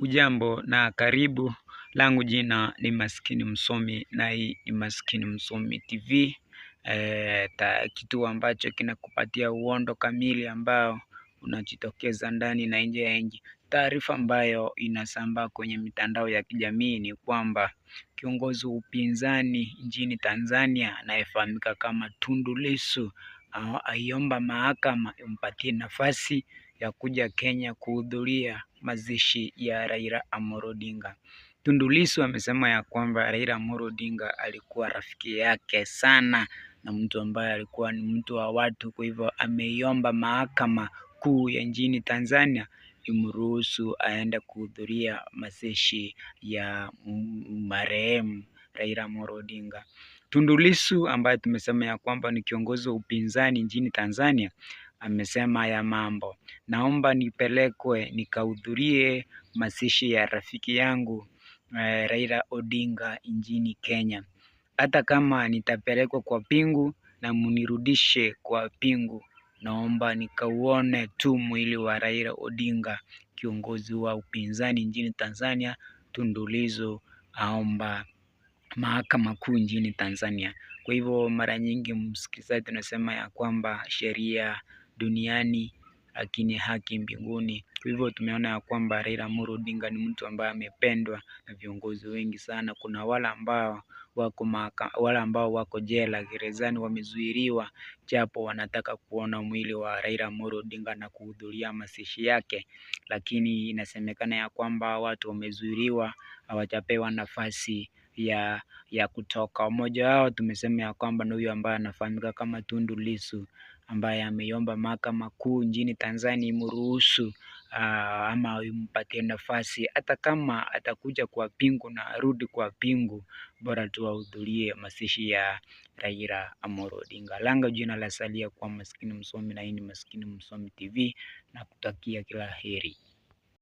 Ujambo na karibu. Langu jina ni Maskini Msomi na hii ni Maskini Msomi TV. E, eh, ta, kituo ambacho kinakupatia uondo kamili ambao unajitokeza ndani na nje ya nchi. Taarifa ambayo inasambaa kwenye mitandao ya kijamii ni kwamba kiongozi wa upinzani nchini Tanzania anayefahamika kama Tundu Lissu aiomba mahakama impatie nafasi ya kuja Kenya kuhudhuria mazishi ya Raila Amolo Odinga. Tundu Lissu amesema ya kwamba Raila Amolo Odinga alikuwa rafiki yake sana na mtu ambaye alikuwa ni mtu wa watu. Kwa hivyo ameiomba mahakama kuu ya nchini Tanzania imruhusu aende kuhudhuria mazishi ya marehemu Raila Amolo Odinga. Tundu Lissu ambaye tumesema ya kwamba ni kiongozi wa upinzani nchini Tanzania amesema haya mambo. Naomba nipelekwe nikahudhurie mazishi ya rafiki yangu eh, Raila Odinga nchini Kenya, hata kama nitapelekwa kwa pingu na munirudishe kwa pingu. Naomba nikauone tu mwili wa Raila Odinga, kiongozi wa upinzani nchini Tanzania. Tundu Lissu aomba mahakama kuu nchini Tanzania. Kwa hivyo mara nyingi, msikilizaji, tunasema ya kwamba sheria duniani lakini haki mbinguni. Hivyo tumeona ya kwamba Raila Amolo Odinga ni mtu ambaye amependwa na viongozi wengi sana. Kuna wale ambao wako maka, wale ambao wako jela gerezani, wamezuiliwa japo wanataka kuona mwili wa Raila Amolo Odinga na kuhudhuria mazishi yake, lakini inasemekana ya kwamba watu wamezuiliwa, hawajapewa nafasi ya ya kutoka. Mmoja wao tumesema ya kwamba ni huyu ambaye anafahamika kama Tundu Lissu ambaye ameiomba mahakama kuu nchini Tanzania imruhusu ah, ama impatie nafasi hata kama atakuja kwa pingu na arudi kwa pingu, bora tu ahudhurie mazishi ya Raila Amolo Odinga. Langu jina la salia kwa Maskini Msomi, na hii ni Maskini Msomi TV na kutakia kila heri.